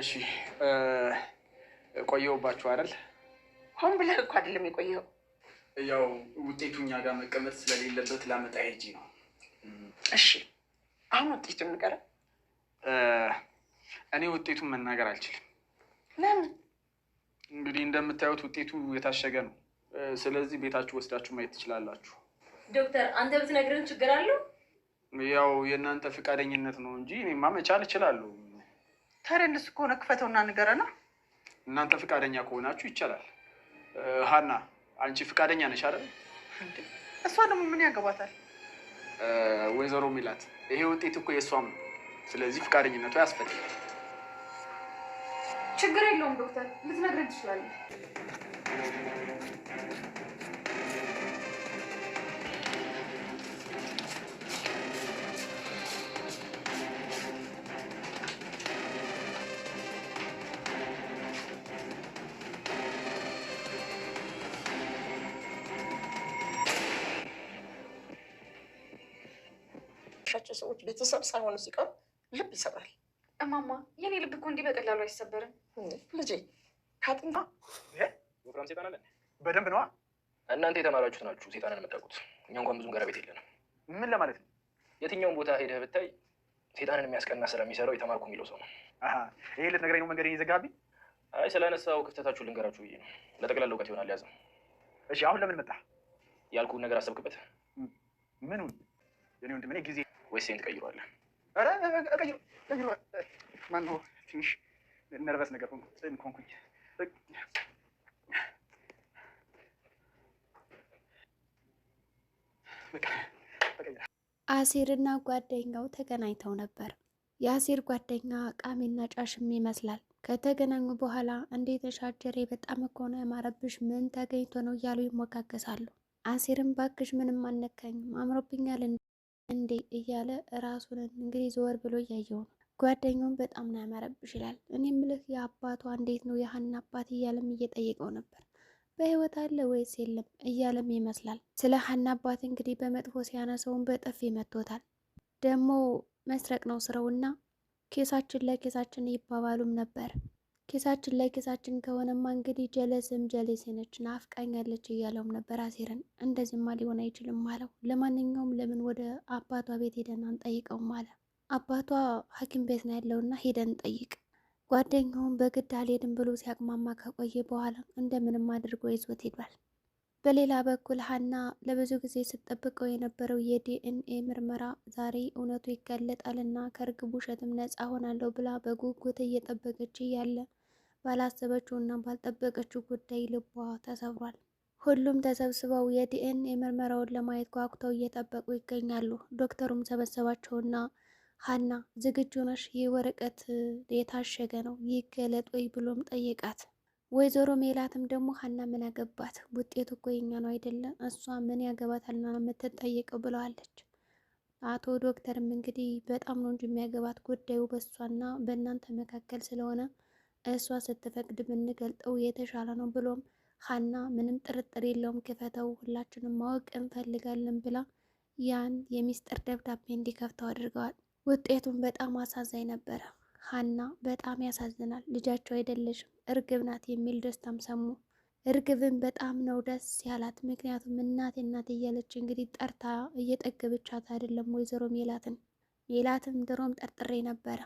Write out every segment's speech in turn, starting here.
እሺ ቆየሁባችሁ አይደል? ሆን ብለህ እኮ አይደለም የቆየው። ያው ውጤቱ እኛ ጋር መቀመጥ ስለሌለበት ላመጣ ሄጂ ነው። እሺ አሁን ውጤቱን ንገረን። እኔ ውጤቱን መናገር አልችልም። ለምን? እንግዲህ እንደምታዩት ውጤቱ የታሸገ ነው። ስለዚህ ቤታችሁ ወስዳችሁ ማየት ትችላላችሁ። ዶክተር፣ አንተ ብትነግረን ችግር አለው? ያው የእናንተ ፈቃደኝነት ነው እንጂ እኔማ መቻል እችላለሁ። ታዲያ ከሆነ ክፈተውና ንገረና። እናንተ ፈቃደኛ ከሆናችሁ ይቻላል። ሀና አንቺ ፈቃደኛ ነሽ አይደል? እሷ ደግሞ ምን ያገባታል? ወይዘሮ ሚላት ይሄ ውጤት እኮ የእሷም ነው። ስለዚህ ፈቃደኝነቷ ያስፈልጋል። ችግር የለውም ዶክተር፣ ልትነግረን ትችላለህ። የምወዳቸው ሰዎች ቤተሰብ ሳይሆኑ ሲቀር ልብ ይሰራል። እማማ የኔ ልብ እኮ እንዲህ በቀላሉ አይሰበርም። ልጄ ካጥንታ ወፍራም ሴጣን አለን በደንብ ነዋ። እናንተ የተማራችሁት ናችሁ ሴጣንን የምታውቁት። እኛ እንኳን ብዙም ቀረቤት የለንም። ምን ለማለት ነው? የትኛውን ቦታ ሄደህ ብታይ ሴጣንን የሚያስቀና ስራ የሚሰራው የተማርኩ የሚለው ሰው ነው። ይሄ ልትነግረኝ ነው መንገድ የዘጋብኝ? አይ ስለነሳው ክፍተታችሁ ልንገራችሁ ብዬ ነው። ለጠቅላላ እውቀት ይሆናል ያዘው። እሺ አሁን ለምን መጣ? ያልኩህን ነገር አሰብክበት። ምኑን? የኔ ወንድም እኔ ጊዜ ወይስ ይሄን ትቀይሯለህ? ኧረ እቀይሮ ማን ነው? ትንሽ ነርቨስ ነገር ኮንኩኝ። አሲርና ጓደኛው ተገናኝተው ነበር። የአሲር ጓደኛ ቃሚና ጫሽም ይመስላል። ከተገናኙ በኋላ እንዴት ሻጀሬ በጣም እኮ ነው ያማረብሽ፣ ምን ተገኝቶ ነው እያሉ ይሞጋገሳሉ። አሲርም ባክሽ ምንም አነካኝም አምሮብኛል እንዴ እያለ ራሱን እንግዲህ ዞር ብሎ እያየው ነው። ጓደኛውን በጣም ነው ያመረብሽ ይላል። እኔ ምልህ የአባቷ እንዴት ነው የሀና አባት እያለም እየጠየቀው ነበር። በህይወት አለ ወይስ የለም እያለም ይመስላል። ስለ ሀና አባት እንግዲህ በመጥፎ ሲያነሰውን በጥፊ መቶታል። ደግሞ መስረቅ ነው ስራውና ኬሳችን ለኬሳችን ይባባሉም ነበር። ኬሳችን ላይ ኬሳችን ከሆነማ እንግዲህ ጀለስም ጀሌሴ ነች ናፍቃኛለች እያለውም ነበር አሴርን። እንደዚህማ ሊሆን አይችልም አለው። ለማንኛውም ለምን ወደ አባቷ ቤት ሄደን አንጠይቀውም አለ። አባቷ ሐኪም ቤት ነው ያለውና ሄደን ጠይቅ። ጓደኛውም በግድ አልሄድም ብሎ ሲያቅማማ ከቆየ በኋላ እንደምንም አድርጎ ይዞት ሄዷል። በሌላ በኩል ሀና ለብዙ ጊዜ ስጠብቀው የነበረው የዲኤንኤ ምርመራ ዛሬ እውነቱ ይጋለጣልና ከእርግብ ውሸትም ነፃ ሆናለሁ ብላ በጉጉት እየጠበቀች ያለ ባላሰበችው እና ባልጠበቀችው ጉዳይ ልቧ ተሰብሯል። ሁሉም ተሰብስበው የዲኤንኤ ምርመራውን ለማየት ጓጉተው እየጠበቁ ይገኛሉ። ዶክተሩም ሰበሰባቸውና ሀና ዝግጁ ነሽ? ይህ ወረቀት የታሸገ ነው ይገለጥ ወይ ብሎም ጠየቃት። ወይዘሮ ሜላትም ደግሞ ሀና ምን ያገባት ውጤቱ እኮ የኛ ነው አይደለም እሷ ምን ያገባታል ነው የምትጠየቀው ብለዋለች። አቶ ዶክተርም እንግዲህ በጣም ነው እንጂ የሚያገባት ጉዳዩ በእሷና በእናንተ መካከል ስለሆነ እሷ ስትፈቅድ ብንገልጠው የተሻለ ነው ብሎም ሀና ምንም ጥርጥር የለውም ክፈተው፣ ሁላችንም ማወቅ እንፈልጋለን ብላ ያን የሚስጥር ደብዳቤ እንዲከፍተው አድርገዋል። ውጤቱን በጣም አሳዛኝ ነበረ። ሀና በጣም ያሳዝናል፣ ልጃቸው አይደለሽም እርግብ ናት የሚል ደስታም ሰሙ። እርግብን በጣም ነው ደስ ያላት። ምክንያቱም እናቴ እናቴ እያለች እንግዲህ ጠርታ እየጠገበቻት አይደለም ወይዘሮ ሜላትን። ሜላትም ድሮም ጠርጥሬ ነበረ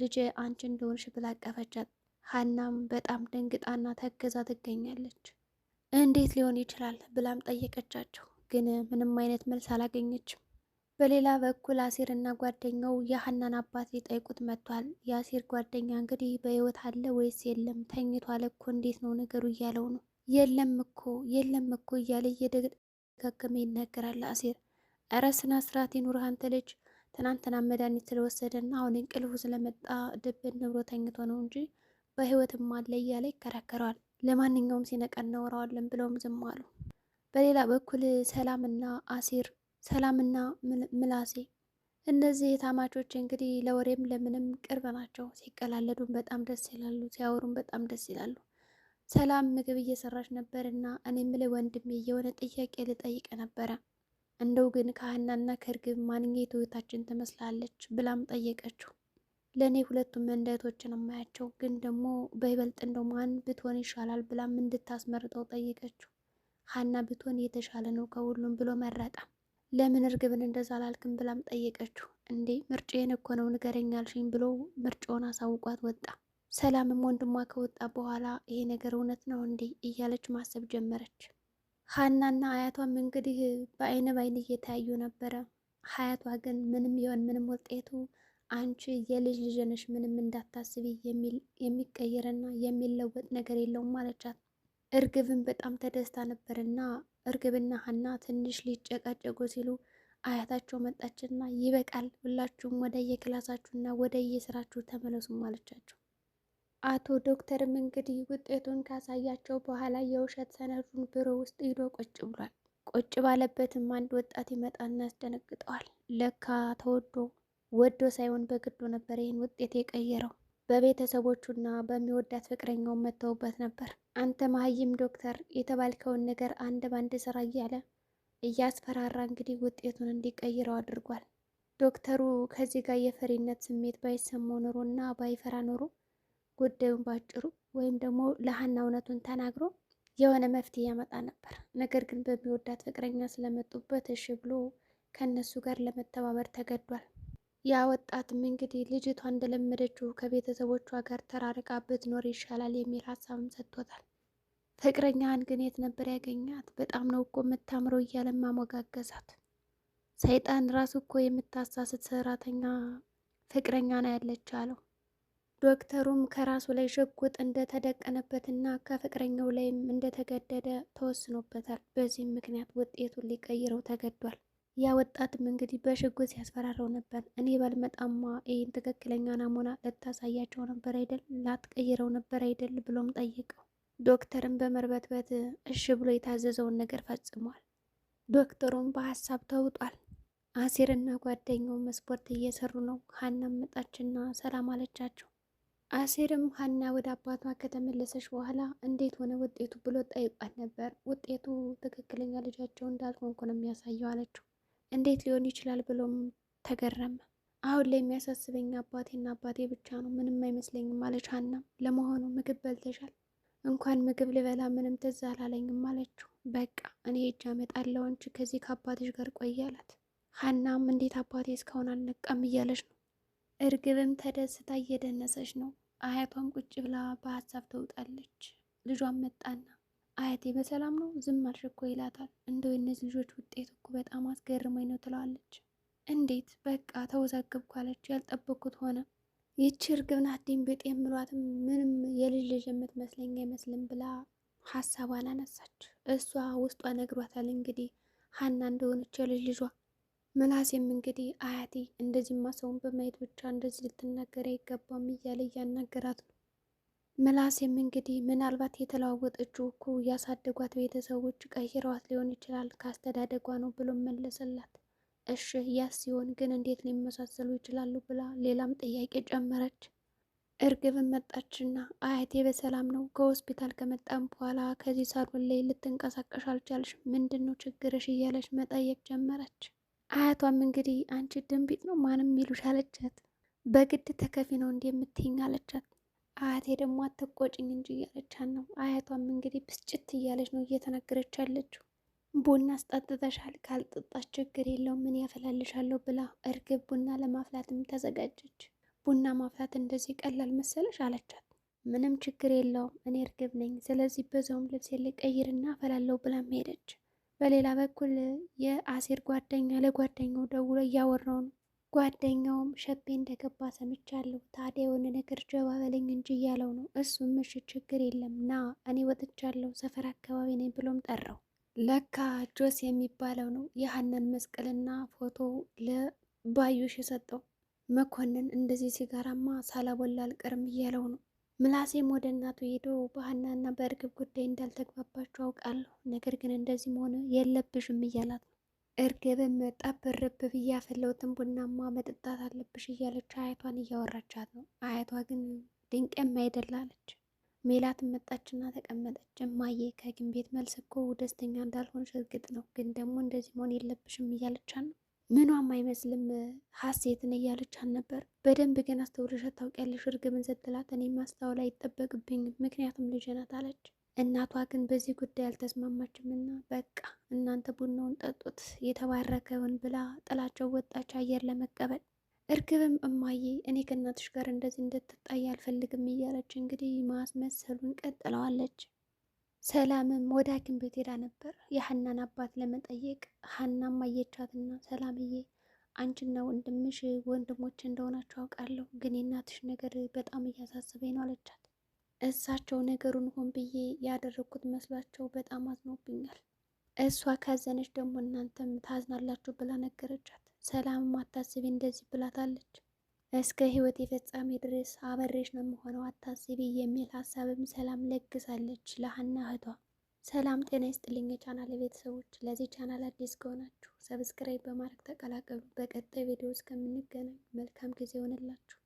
ልጄ አንቺ እንደሆንሽ ብላ አቀፈቻት። ሀናም በጣም ደንግጣና ተገዛ ትገኛለች። እንዴት ሊሆን ይችላል ብላም ጠየቀቻቸው፣ ግን ምንም አይነት መልስ አላገኘችም። በሌላ በኩል አሲር እና ጓደኛው የሀናን አባት ሊጠይቁት መጥቷል። የአሲር ጓደኛ እንግዲህ በህይወት አለ ወይስ የለም? ተኝቷል እኮ እንዴት ነው ነገሩ እያለው ነው። የለም እኮ የለም እኮ እያለ እየደጋገመ ይናገራል አሲር። እረ ስነ ስርዓት ይኑርህ አንተ ልጅ ትናንትና መድኃኒት ስለወሰደና አሁን እንቅልፉ ስለመጣ ድብን ንብሮ ተኝቶ ነው እንጂ በህይወትም አለ እያለ ይከራከረዋል። ለማንኛውም ሲነቀ እናወራዋለን ብለውም ዝም አሉ። በሌላ በኩል ሰላምና አሲር ሰላምና ምላሴ እነዚህ የታማቾች እንግዲህ ለወሬም ለምንም ቅርብ ናቸው። ሲቀላለዱም በጣም ደስ ይላሉ፣ ሲያወሩም በጣም ደስ ይላሉ። ሰላም ምግብ እየሰራች ነበር እና እኔ ምል ወንድሜ የሆነ ጥያቄ ልጠይቅ ነበረ እንደው ግን ከሀናና ከእርግብ ማንኛ የትውታችን ትመስላለች ብላም ጠየቀችው። ለእኔ ሁለቱም ነው የማያቸው ግን ደግሞ በይበልጥ እንደው ማን ብትሆን ይሻላል ብላም እንድታስመርጠው ጠይቀችው። ሀና ብትሆን የተሻለ ነው ከሁሉም ብሎ መረጣ። ለምን እርግብን እንደዛ አላልክም ብላም ጠየቀችው። እንዴ ምርጫዬን እኮ ነው ንገረኝ ብሎ ምርጫውን አሳውቋት ወጣ። ሰላምም ወንድሟ ከወጣ በኋላ ይሄ ነገር እውነት ነው እንዴ እያለች ማሰብ ጀመረች። ሀናና አያቷም እንግዲህ በአይነ ባይን እየተያዩ ነበረ። ሀያቷ ግን ምንም ይሆን ምንም ውጤቱ አንቺ የልጅ ልጅ ነሽ ምንም እንዳታስቢ የሚቀየርና የሚለወጥ ነገር የለውም ማለቻት። እርግብን በጣም ተደስታ ነበር እና እርግብና ሀና ትንሽ ሊጨቃጨቁ ሲሉ አያታቸው መጣችና ይበቃል፣ ሁላችሁም ወደ የክላሳችሁና ወደ የስራችሁ ተመለሱ ማለቻቸው። አቶ ዶክተርም እንግዲህ ውጤቱን ካሳያቸው በኋላ የውሸት ሰነዱን ቢሮ ውስጥ ሂዶ ቁጭ ብሏል። ቁጭ ባለበትም አንድ ወጣት ይመጣና ያስደነግጠዋል። ለካ ተወዶ ወዶ ሳይሆን በግዱ ነበር ይህን ውጤት የቀየረው። በቤተሰቦቹና በሚወዳት ፍቅረኛው መተውበት ነበር። አንተ መሀይም ዶክተር የተባልከውን ነገር አንድ ባንድ ስራ እያለ እያስፈራራ እንግዲህ ውጤቱን እንዲቀይረው አድርጓል። ዶክተሩ ከዚህ ጋር የፈሪነት ስሜት ባይሰማው ኖሮ እና ባይፈራ ኖሮ ጉዳዩን ባጭሩ ወይም ደግሞ ለሀና እውነቱን ተናግሮ የሆነ መፍትሄ ያመጣ ነበር። ነገር ግን በሚወዳት ፍቅረኛ ስለመጡበት እሺ ብሎ ከእነሱ ጋር ለመተባበር ተገዷል። ያ ወጣትም እንግዲህ ልጅቷ እንደለመደችው ከቤተሰቦቿ ጋር ተራርቃ ብትኖር ይሻላል የሚል ሀሳብም ሰጥቶታል። ፍቅረኛህን ግን የት ነበር ያገኛት? በጣም ነው እኮ የምታምረው እያለ አሞጋገሳት። ሰይጣን ራሱ እኮ የምታሳስት ሰራተኛ ፍቅረኛ ነው ያለች አለው። ዶክተሩም ከራሱ ላይ ሽጉጥ እንደተደቀነበትና ከፍቅረኛው ላይም እንደተገደደ ተወስኖበታል። በዚህም ምክንያት ውጤቱን ሊቀይረው ተገዷል። ያ ወጣትም እንግዲህ በሽጉጥ ሲያስፈራረው ነበር። እኔ ባልመጣማ ይህን ትክክለኛ ናሙና ልታሳያቸው ነበር አይደል? ላትቀይረው ነበር አይደል? ብሎም ጠየቀው። ዶክተርም በመርበትበት እሺ ብሎ የታዘዘውን ነገር ፈጽሟል። ዶክተሩም በሀሳብ ተውጧል። አሲርና ጓደኛው መስፖርት እየሰሩ ነው። ሀናም መጣችና ሰላም አለቻቸው። አሲርም ሀና ወደ አባቷ ከተመለሰች በኋላ እንዴት ሆነ ውጤቱ ብሎ ጠይቋት ነበር። ውጤቱ ትክክለኛ ልጃቸው እንዳልሆንኩ ነው የሚያሳየው አለችው። እንዴት ሊሆን ይችላል ብሎም ተገረመ። አሁን ላይ የሚያሳስበኝ አባቴና አባቴ ብቻ ነው፣ ምንም አይመስለኝም አለች ሀናም። ለመሆኑ ምግብ በልተሻል? እንኳን ምግብ ልበላ ምንም ትዝ አላለኝም አለችው። በቃ እኔ ሂጅ አመጣለሁ፣ አንቺ ከዚህ ከአባትሽ ጋር ቆይ አላት። ሀናም እንዴት አባቴ እስካሁን አልነቃም እያለች ነው። እርግብም ተደስታ እየደነሰች ነው። አያቷም ቁጭ ብላ በሀሳብ ተውጣለች። ልጇም መጣና አያቴ በሰላም ነው ዝም አልሽ እኮ ይላታል። እንደው የእነዚህ ልጆች ውጤት እኮ በጣም አስገርመኝ ነው ትለዋለች። እንዴት በቃ ተወዛገብኩ አለች። ያልጠበኩት ሆነ። ይቺ እርግብ ናት ድንብጤ የምሏትም ምንም የልጅ ልጅ የምትመስለኝ አይመስልም ብላ ሀሳብ አላነሳች። እሷ ውስጧ ነግሯታል እንግዲህ ሀና እንደሆነች የልጅ ልጇ። ምላሴም እንግዲህ አያቴ እንደዚህማ ሰውን በማየት ብቻ እንደዚህ ልትናገር አይገባም እያለ እያናገራት ነው። ምላሴም እንግዲህ ምናልባት የተለዋወጠችው እኮ ያሳደጓት ቤተሰቦች ቀይረዋት ሊሆን ይችላል ከአስተዳደጓ ነው ብሎ መለሰላት። እሺ ያስ ሲሆን ግን እንዴት ሊመሳሰሉ ይችላሉ ብላ ሌላም ጥያቄ ጨመረች። እርግብን መጣችና አያቴ በሰላም ነው? ከሆስፒታል ከመጣም በኋላ ከዚህ ሳሎን ላይ ልትንቀሳቀሽ አልቻልሽ፣ ምንድን ነው ችግርሽ? እያለች መጠየቅ ጀመረች። አያቷም እንግዲህ አንቺ ድንቢጥ ነው ማንም ይሉሽ አለቻት። በግድ ተከፊ ነው እንዲህ የምትይኝ አለቻት። አያቴ ደግሞ አትቆጭኝ እንጂ እያለቻን ነው። አያቷም እንግዲህ ብስጭት እያለች ነው እየተናገረች ያለችው። ቡና አስጠጥተሻል፣ ካልጠጣች ችግር የለውም ምን ያፈላልሻለሁ ብላ እርግብ ቡና ለማፍላትም ተዘጋጀች። ቡና ማፍላት እንደዚህ ቀላል መሰለሽ አለቻት። ምንም ችግር የለውም እኔ እርግብ ነኝ፣ ስለዚህ በዛውም ልብስ ልቀይርና አፈላለሁ ብላም ሄደች። በሌላ በኩል የአሴር ጓደኛ ለጓደኛው ደውሎ እያወራው ነው። ጓደኛውም ሸቤ እንደገባ ሰምቻለሁ። ታዲያ የሆነ ነገር ጀባ በለኝ እንጂ እያለው ነው። እሱም እሺ ችግር የለም ና እኔ ወጥቻለሁ ሰፈር አካባቢ ነኝ ብሎም ጠራው። ለካ ጆስ የሚባለው ነው የሀናን መስቀልና ፎቶ ለባዩሽ የሰጠው። መኮንን እንደዚህ ሲጋራማ ሳላቦላ አልቀርም እያለው ነው። ምላሴም ወደ እናቱ ሄዶ በሀናና በእርግብ ጉዳይ እንዳልተግባባቸው አውቃለሁ፣ ነገር ግን እንደዚህ መሆን የለብሽም እያላት ነው። እርግብም መጣብ ብርብ ብያፈለውትን ቡናማ መጠጣት አለብሽ እያለች አያቷን እያወራቻት ነው። አያቷ ግን ድንቅም አይደላለች። ሜላት መጣችና ተቀመጠች። እማዬ ከግን ቤት መልስ እኮ ደስተኛ እንዳልሆንሽ እርግጥ ነው፣ ግን ደግሞ እንደዚህ መሆን የለብሽም እያለቻት ነው። ምኗም አይመስልም ሀሴትን እያለቻት ነበር። በደንብ ግን አስተውለሽ ታውቂያለሽ እርግብን ስትላት፣ እኔ ማስተዋል ይጠበቅብኝ ምክንያቱም ልጅ ናት አለች። እናቷ ግን በዚህ ጉዳይ አልተስማማችም እና በቃ እናንተ ቡናውን ጠጡት የተባረከውን ብላ ጥላቸው ወጣች አየር ለመቀበል። እርግብም እማዬ እኔ ከእናትሽ ጋር እንደዚህ እንድትጣይ አልፈልግም እያለች እንግዲህ ማስመሰሉን ቀጥለዋለች። ሰላምም ወደ ሐኪም ቤት ሄዳ ነበር የሀናን አባት ለመጠየቅ። ሀናም አየቻትና ሰላምዬ አንቺና ወንድምሽ ወንድሞች እንደሆናችሁ አውቃለሁ፣ ግን የእናትሽ ነገር በጣም እያሳሰበኝ ነው አለቻት። እሳቸው ነገሩን ሆን ብዬ ያደረግኩት መስሏቸው በጣም አዝኖብኛል። እሷ ካዘነች ደግሞ እናንተም ታዝናላችሁ ብላ ነገረቻት። ሰላምም አታስቢ እንደዚህ ብላታለች። እስከ ህይወት የፍጻሜ ድረስ አበሬሽ ነው የምሆነው አታስቢ የሚል ሀሳብም ሰላም ለግሳለች ለሀና እህቷ። ሰላም ጤና ይስጥልኝ የቻናል ቤተሰቦች፣ ለዚህ ቻናል አዲስ ከሆናችሁ ሰብስክራይብ በማድረግ ተቀላቀሉ። በቀጣይ ቪዲዮ እስከምንገናኝ መልካም ጊዜ ይሆንላችሁ።